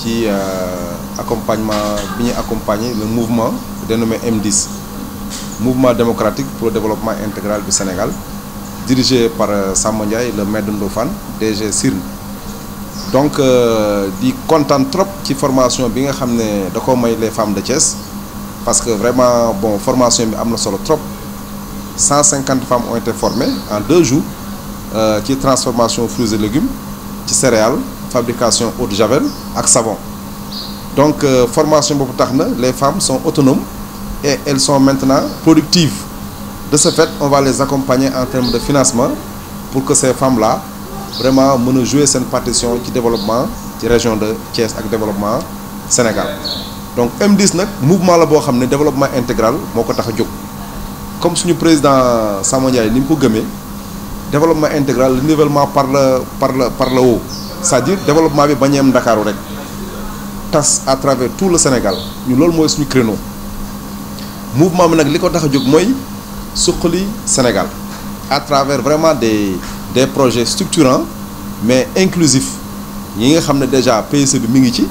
qui accompagne accompagner le mouvement dénommé M10 mouvement démocratique pour le développement intégral du Sénégal dirigé par euh, Samba et le maire de Ndofane DG Sirn donc euh, di content trop ci formation bi nga xamné ne les femmes de Thiès parce que vraiment bon formation bi amna 150 femmes ont été formées en deux jours euh, qui est transformation fruits et légumes ci céréales fabrication eau de javel avec savon donc euh, formation boobu les femmes sont autonomes et elles sont maintenant productives de ce fait on va les accompagner en termes de financement pour que ces femmes là vraiment jouent cette jouer partition ci développement la région de Thiès avec développement Sénégal donc M10 le mouvement de développement intégral moo tax comme le président Sama Ndiaye ni développement intégral le nivellement par le par le haut c'est-à-dire développement bi développement a à travers tout le Sénégal nous sommes le suñu créneau mouvement bi nag li Sénégal à travers vraiment des des projets structurants mais inclusifs Nous nga déjà le bi de ngi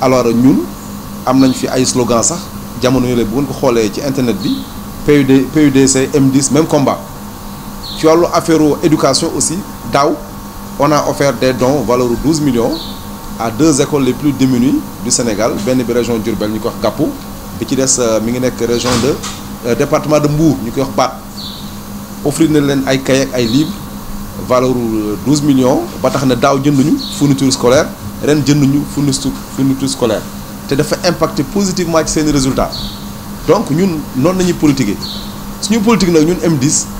alors nous avons fait fi slogan sax jamono yooyu bu pour ko internet PUDC M10 même combat ci wàllu affaire éducation aussi D'ao, on a offert des dons valeur 12 millions à deux écoles les plus démunies du Sénégal Ben bi région Diourbel ñu koy wax Gàppu bi ci euh, région de euh, département de Mbour ñu koy wax Baat offrir na leen ay cahier ay livres valeur 12 millions ba tax na daaw jënduñu fourniture scolaire ren jënduñu fourniture fourniture scolaire te dafa impacter positivement ci résultats donc ñun non nañuy politiquer suñu politique nag ñun M10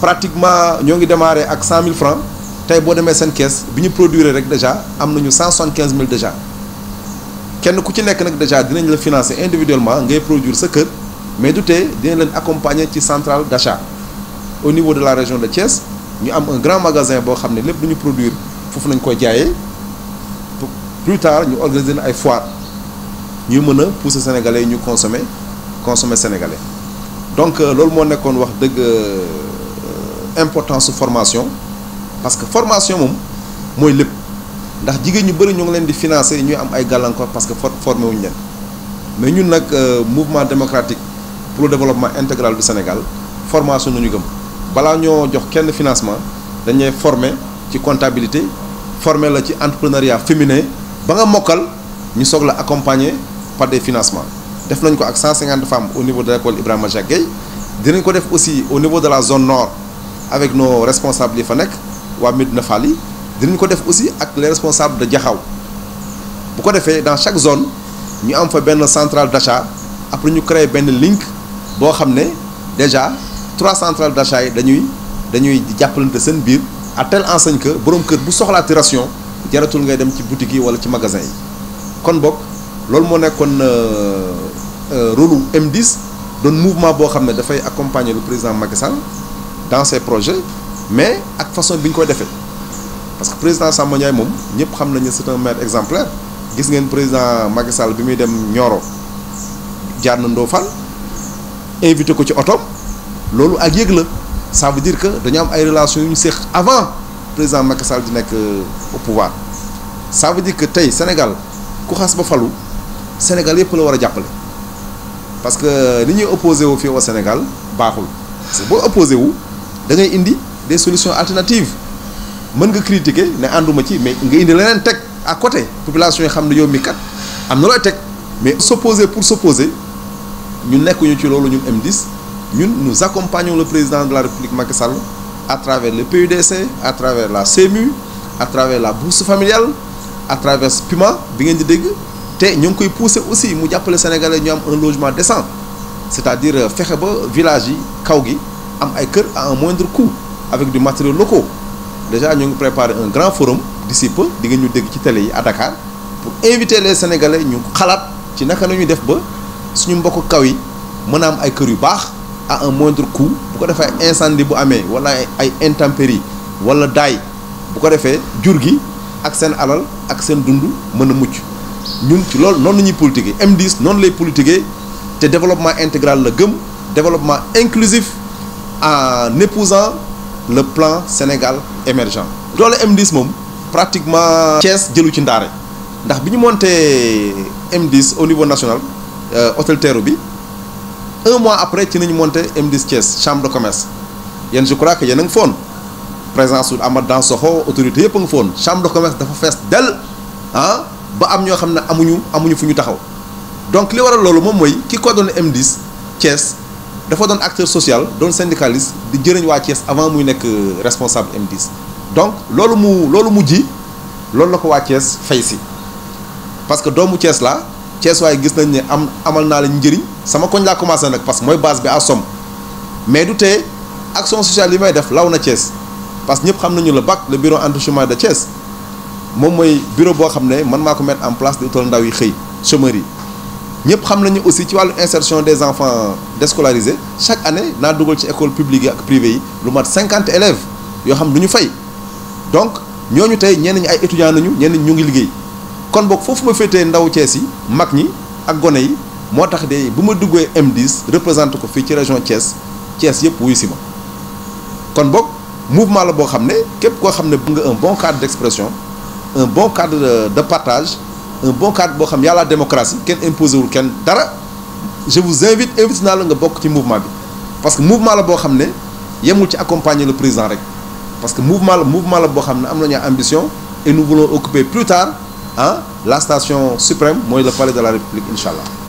pratiquement nous avons démarré ak 100 000 francs tay nous démé sen caisse biñu produire rek déjà am 175 000 déjà kenn ku ci déjà dinañ la financer individuellement ngay produire ce que mais du mais dinañ leen accompagner ci centrale d'achat au niveau de la région de Thiès nous avons un grand magasin pour xamné lepp lépp produire fofu lañ plus tard ñu organiser ay foire ñu mëna ce pousser sénégalais ñu consommer consommer sénégalais donc euh, loolu moo nekkoon wax dëgg. Euh, importance formation parce que formation mom moy lépp ndax jigéen ñu bëri ñu ngi leen di financer ñu am ay parce que formé wuñu leen mais ñun nak euh, mouvement démocratique pour le développement intégral du Sénégal formation nañu gëm bala ñoo jox kenn financement dañuy former ci comptabilité former la ci entrepreneuriat féminin ba nga mokal ñu soog la accompagner par des financements def nañ ko ak 150 femmes au niveau de l'école Ibrahima Jacques Gueye dinañ ko def aussi au niveau de la zone nord avec nos responsables yi FANEC, Wamid waa Medina nous avons aussi avec les responsables de Jaxaw bu ko dans chaque zone nous avons fait une centrale d'achat après ñu créer un link pour xam déjà trois centrales d'achat de dañuy dañuy jàppalante une biir à tel enseigne que borom kër bu soxlaati ration jaratul ngay dem ci boutique yi wala ci magasin yi kon boog loolu moo nekkoon euh, euh, rôle M10 le mouvement qui a ne accompagner le président Macky Sall dans ces projets mais ak façon de faire ko parce que président Samba Ndiaye nous ñëpp xam c'est un maître exemplaire gis le président Macky Sall bi muy dem Nioro jaar na invité ko ci oto lolo ak ça veut dire que dañu am des relations avant ñu avant président Macky Sall di euh, au pouvoir ça veut dire que le Sénégal ku xas ba falu Sénégal est la le a parce que euh, li ñuy opposé au au Sénégal c'est parce si vous opposé wu des solutions alternatives mën nga critiquer ne mais nga indi à côté population mais s'opposer pour s'opposer ci M10 nous accompagnons le président de la République Macky à travers le PUDC à travers la CEMU à travers la bourse familiale à travers PUMA bi ngeen di aussi mu sénégalais ñu un logement décent c'est-à-dire euh, fexe village am ay kër à un moindre coût avec du matériel locaux déjà ñu ngi préparer un grand forum d'ici peu di nga ñu dégg ci télé yi à Dakar pour inviter les sénégalais ñu xalaat ci naka nañu def ba suñu mbokk kaw yi mën am ay kër yu baax à un moindre coût bu ko defee incendie bu amee wala ay intempéries wala daay bu ko defee jur gi ak seen alal ak seen dund mën a mucc ñun ci loolu noonu ñuy politiquer M10 noonu lay politiquer te développement intégral la gëm développement inclusif en épousant le plan Sénégal émergent le M10 moom pratiquement Thiès de ci ndaare ndax nous monté M10 au niveau national euh, hôtel Terrou un mois après nous avons monté M10 Thiès chambre de commerce je crois que y a ngi Présent présence Amad dans Dansokho autorité y a ngi La chambre de commerce dafa fait del ah ba am ñoo xam ne amuñu amuñu donc li ki M10 Thiès dafa doon acteur social doon syndicaliste di jëriñ waa Thiès avant muy nekk euh, responsable m donc loolu mu loolu mu ji loolu la ko waa Thiès fay si parce que doomu Thiès laa cees waaye gis nañ ne am amal naa lañu njëriñ sama koñ laa commencé nag parce que mooy base bi à Somme mais du tee action sociale yi may def law na cees parce que ñëpp xam nañu le BAC le bureau anti-chômage de Thiès moom mooy bureau boo xam ne man maa ko mettre en place di utal ndaw yi xëy chômeurs yi Nous xam nañu aussi l'insertion des enfants déscolarisés chaque année dans dugal ci école publique privée yi lu mat 50 élèves yoo xam fay donc ñooñu tey ñenn ñi ay étudiants nañu ñenn ñu ngi liggéey kon boog foofu ma féetee ndaw Thiès yi ak M10 représente ko fii ci région Thiès Thiès kon mouvement la un bon cadre d'expression un bon cadre de partage un bon cadre y a la démocratie qui imposé wul ken dara je vous invite à naa nga mouvement parce que mouvement la bo xamné accompagner le président parce que mouvement mouvement la bo xamné am ambition et nous voulons occuper plus tard hein, la station suprême moy le palais de la république inshallah